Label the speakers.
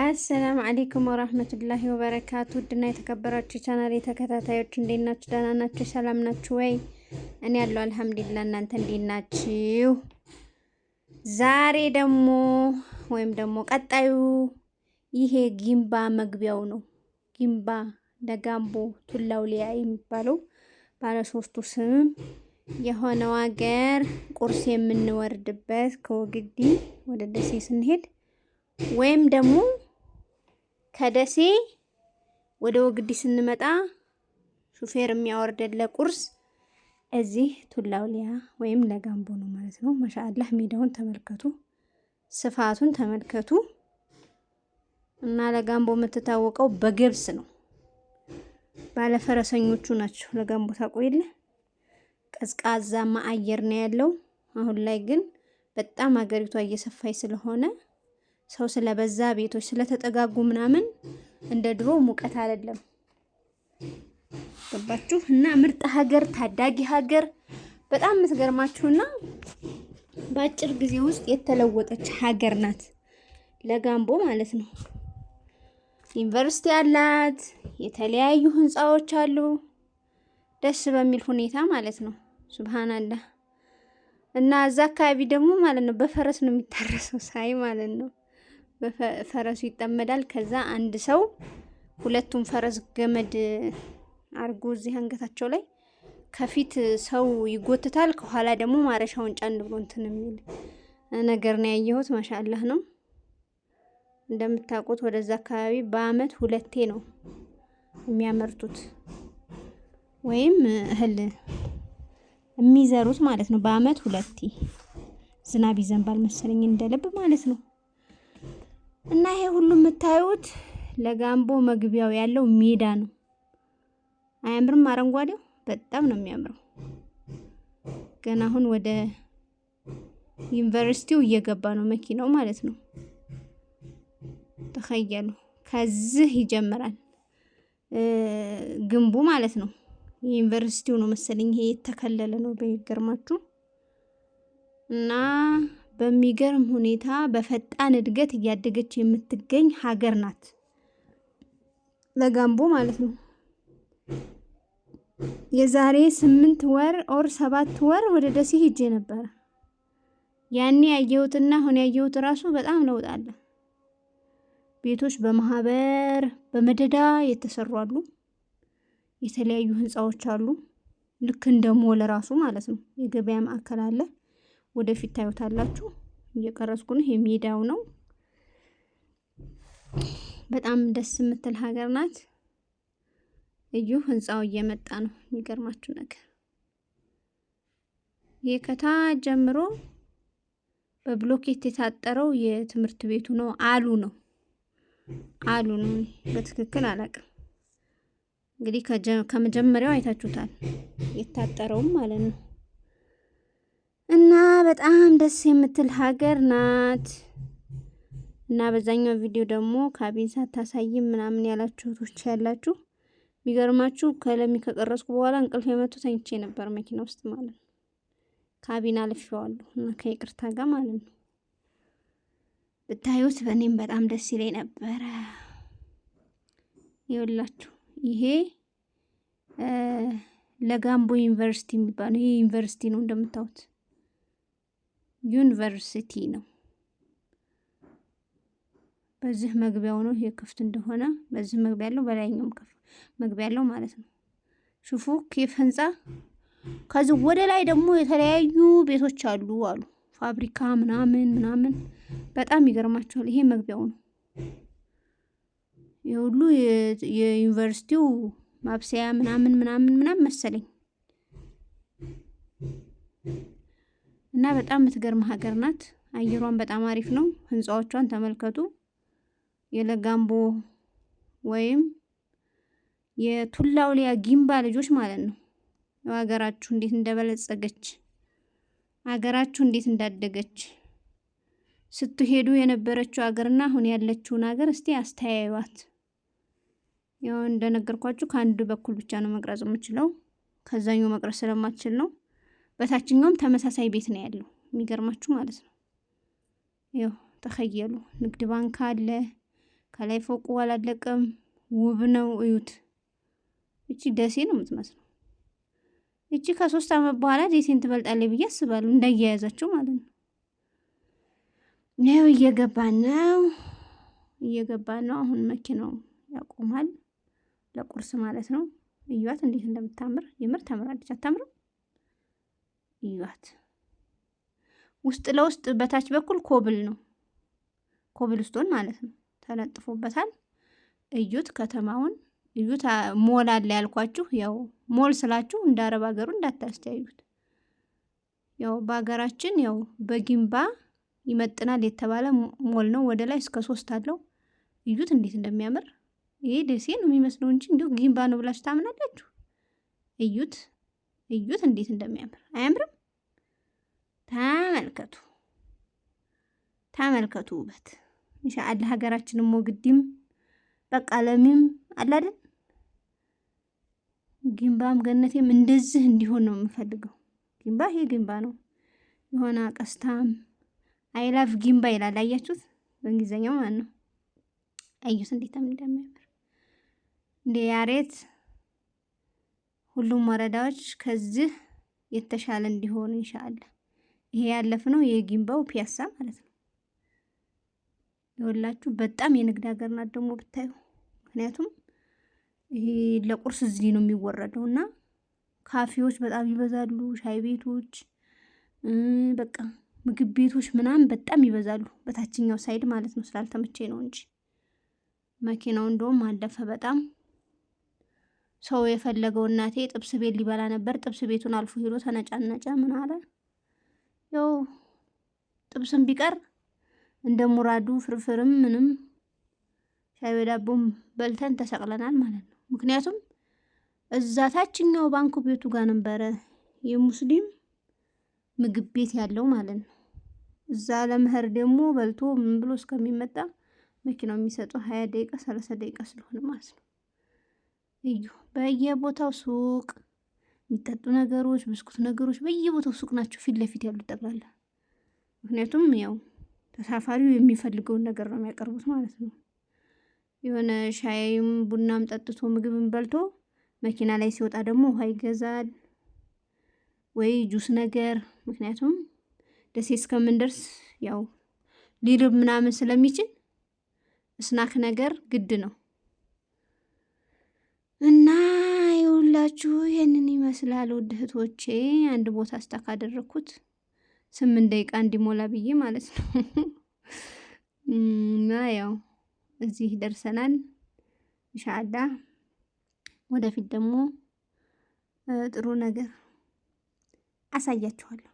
Speaker 1: አሰላም አሌይኩም ወራህመቱላሂ ወበረካቱ። ውድና የተከበራችሁ ቻናል ተከታታዮች እንዴት ናችሁ? ደህና ናችሁ? ሰላም ናችሁ ወይ? እኔ ያለው አልሐምዱሊላ። እናንተ እንዴት ናችሁ? ዛሬ ደግሞ ወይም ደግሞ ቀጣዩ ይሄ ጊንባ መግቢያው ነው። ጊንባ ደጋምቦ ቱላውሊያ የሚባለው ባለሶስቱ ስም የሆነው ሀገር ቁርስ የምንወርድበት ከወግዲ ወደ ደሴ ስንሄድ ወይም ደግሞ ከደሴ ወደ ወግዲ ስንመጣ ሹፌር የሚያወርደን ለቁርስ እዚህ ቱላውሊያ ወይም ለጋምቦ ነው ማለት ነው። ማሻአላህ ሜዳውን ተመልከቱ፣ ስፋቱን ተመልከቱ። እና ለጋምቦ የምትታወቀው በገብስ ነው። ባለፈረሰኞቹ ናቸው። ለጋምቦ ታቆይለ ቀዝቃዛማ አየር ነው ያለው። አሁን ላይ ግን በጣም ሀገሪቷ እየሰፋች ስለሆነ ሰው ስለበዛ ቤቶች ስለተጠጋጉ ምናምን እንደ ድሮ ሙቀት አይደለም። ገባችሁ? እና ምርጥ ሀገር፣ ታዳጊ ሀገር በጣም የምትገርማችሁና በአጭር ጊዜ ውስጥ የተለወጠች ሀገር ናት። ለጋምቦ ማለት ነው። ዩኒቨርሲቲ አላት፣ የተለያዩ ህንፃዎች አሉ። ደስ በሚል ሁኔታ ማለት ነው። ሱብሃንአላህ እና እዛ አካባቢ ደግሞ ማለት ነው በፈረስ ነው የሚታረሰው ሳይ ማለት ነው። በፈረሱ ይጠመዳል። ከዛ አንድ ሰው ሁለቱም ፈረስ ገመድ አርጎ እዚህ አንገታቸው ላይ ከፊት ሰው ይጎትታል፣ ከኋላ ደግሞ ማረሻውን ጫን ብሎ እንትን የሚል ነገር ነው ያየሁት። ማሻአላህ ነው። እንደምታውቁት ወደዛ አካባቢ በአመት ሁለቴ ነው የሚያመርቱት ወይም እህል የሚዘሩት ማለት ነው። በአመት ሁለቴ ዝናብ ይዘንባል መሰለኝ እንደልብ ማለት ነው። እና ይሄ ሁሉ የምታዩት ለጋምቦ መግቢያው ያለው ሜዳ ነው። አያምርም? አረንጓዴው በጣም ነው የሚያምረው። ግን አሁን ወደ ዩኒቨርሲቲው እየገባ ነው መኪናው ማለት ነው። ተኸየሉ ከዚህ ይጀምራል ግንቡ ማለት ነው። ዩኒቨርሲቲው ነው መሰለኝ ይሄ የተከለለ ነው በይገርማችሁ እና በሚገርም ሁኔታ በፈጣን እድገት እያደገች የምትገኝ ሀገር ናት። ለጋምቦ ማለት ነው። የዛሬ ስምንት ወር ኦር ሰባት ወር ወደ ደሴ ሄጄ ነበረ። ያኔ ያየሁትና አሁን ያየሁት እራሱ በጣም ለውጥ አለ። ቤቶች በማህበር በመደዳ የተሰሩ አሉ። የተለያዩ ህንፃዎች አሉ። ልክ እንደ ሞል ራሱ ማለት ነው። የገበያ ማዕከል አለ። ወደፊት ታዩታላችሁ። እየቀረጽኩ ነው። የሜዳው ነው። በጣም ደስ የምትል ሀገር ናት። እዩ ህንፃው እየመጣ ነው። የሚገርማችሁ ነገር የከታ ጀምሮ በብሎኬት የታጠረው የትምህርት ቤቱ ነው አሉ ነው አሉ ነው በትክክል አላውቅም። እንግዲህ ከመጀመሪያው አይታችሁታል የታጠረውም ማለት ነው። እና በጣም ደስ የምትል ሀገር ናት። እና በዛኛው ቪዲዮ ደግሞ ካቢን ሳታሳይም ምናምን ያላችሁ እህቶች ያላችሁ ቢገርማችሁ ከለሚ ከቀረጽኩ በኋላ እንቅልፍ የመቶ ተኝቼ ነበር መኪና ውስጥ ማለት ነው። ካቢን አልፌዋለሁ እና ከይቅርታ ጋር ማለት ነው። ብታዩት በእኔም በጣም ደስ ይለኝ ነበረ። ይኸውላችሁ ይሄ ለጋምቦ ዩኒቨርሲቲ የሚባለው ይሄ ዩኒቨርሲቲ ነው እንደምታዩት። ዩኒቨርሲቲ ነው። በዚህ መግቢያው ነው ክፍት እንደሆነ በዚህ መግቢያ ያለው በላይኛውም መግቢያ ያለው ማለት ነው። ሽፉ ኬፍ ህንፃ። ከዚህ ወደ ላይ ደግሞ የተለያዩ ቤቶች አሉ አሉ ፋብሪካ ምናምን ምናምን በጣም ይገርማቸዋል። ይሄ መግቢያው ነው። የሁሉ የዩኒቨርሲቲው ማብሰያ ምናምን ምናምን ምናምን መሰለኝ። እና በጣም የምትገርም ሀገር ናት። አየሯን በጣም አሪፍ ነው። ህንፃዎቿን ተመልከቱ። የለጋምቦ ወይም የቱላውሊያ ጊምባ ልጆች ማለት ነው። ሀገራችሁ እንዴት እንደበለጸገች ሀገራችሁ እንዴት እንዳደገች ስትሄዱ የነበረችው ሀገርና አሁን ያለችውን ሀገር እስቲ አስተያዩዋት። ያው እንደነገርኳችሁ ከአንድ በኩል ብቻ ነው መቅረጽ የምችለው ከዛኛው መቅረጽ ስለማትችል ነው። በታችኛውም ተመሳሳይ ቤት ነው ያለው። የሚገርማችሁ ማለት ነው። ይኸው ተኸየሉ ንግድ ባንክ አለ። ከላይ ፎቁ አላለቀም። ውብ ነው፣ እዩት። እቺ ደሴ ነው የምትመስለው። እቺ ከሶስት ዓመት በኋላ ደሴን ትበልጣለች ብዬ አስባለሁ፣ እንዳያያዛቸው ማለት ነው። ይኸው እየገባ ነው፣ እየገባ ነው። አሁን መኪናው ያቆማል፣ ለቁርስ ማለት ነው። እዩዋት እንዴት እንደምታምር የምር ተምራለች። አታምርም? እዩት። ውስጥ ለውስጥ በታች በኩል ኮብል ነው፣ ኮብል ስቶን ማለት ነው። ተለጥፎበታል። እዩት፣ ከተማውን እዩት። ሞል አለ ያልኳችሁ፣ ያው ሞል ስላችሁ እንደ አረብ ሀገሩ እንዳታስተያዩት። ያው በሀገራችን ያው በጊንባ ይመጥናል የተባለ ሞል ነው። ወደ ላይ እስከ ሶስት አለው። እዩት እንዴት እንደሚያምር ይሄ ደሴ ነው የሚመስለው እንጂ እንዲሁ ጊንባ ነው ብላችሁ ታምናላችሁ? እዩት። እዩት እንዴት እንደሚያምር አያምርም? ተመልከቱ ተመልከቱ ውበት እንሻአላ ሀገራችንም ወግዲም በቃ ለሚም አላደን ግንባም ገነቴም እንደዚህ እንዲሆን ነው የምፈልገው። ግንባ ይሄ ግንባ ነው የሆነ ቀስታም አይላፍ ግንባ ይላል። አያችሁት? በእንግሊዝኛው ማለት ነው? አዩት እንዴት እንደሚያምር እንደ ያሬት ሁሉም ወረዳዎች ከዚህ የተሻለ እንዲሆኑ እንሻአላ። ይሄ ያለፍነው የጊንባው ፒያሳ ማለት ነው። ይወላችሁ በጣም የንግድ ሀገር ናት ደግሞ ብታዩ። ምክንያቱም ይሄ ለቁርስ እዚህ ነው የሚወረደው እና ካፌዎች በጣም ይበዛሉ፣ ሻይ ቤቶች በቃ ምግብ ቤቶች ምናምን በጣም ይበዛሉ። በታችኛው ሳይድ ማለት ነው። ስላልተመቼ ነው እንጂ መኪናው እንደውም አለፈ በጣም ሰው የፈለገው እናቴ ጥብስ ቤት ሊበላ ነበር። ጥብስ ቤቱን አልፎ ሄዶ ተነጫነጨ። ምን አለ ያው ጥብስም ቢቀር እንደ ሙራዱ ፍርፍርም ምንም ሻይ በዳቦም በልተን ተሰቅለናል ማለት ነው። ምክንያቱም እዛ ታችኛው ባንኩ ቤቱ ጋር ነበረ የሙስሊም ምግብ ቤት ያለው ማለት ነው። እዛ ለመኸር ደግሞ በልቶ ምን ብሎ እስከሚመጣ መኪናው የሚሰጡ ሀያ ደቂቃ ሰላሳ ደቂቃ ስለሆነ ማለት ነው። እዩ በየቦታው ሱቅ፣ የሚጠጡ ነገሮች፣ ብስኩት ነገሮች በየቦታው ሱቅ ናቸው ፊት ለፊት ያሉት ጠቅላላ። ምክንያቱም ያው ተሳፋሪው የሚፈልገውን ነገር ነው የሚያቀርቡት ማለት ነው። የሆነ ሻይም ቡናም ጠጥቶ ምግብም በልቶ መኪና ላይ ሲወጣ ደግሞ ውሃ ይገዛል ወይ ጁስ ነገር። ምክንያቱም ደሴ እስከምንደርስ ያው ሊርብ ምናምን ስለሚችል ስናክ ነገር ግድ ነው። እና የሁላችሁ ይሄንን ይመስላል ውድ እህቶቼ። አንድ ቦታ ስታክ አደረግኩት ስምንት ደቂቃ እንዲሞላ ብዬ ማለት ነው። እና ያው እዚህ ደርሰናል እንሻአላ ወደፊት ደግሞ ጥሩ ነገር አሳያችኋለሁ።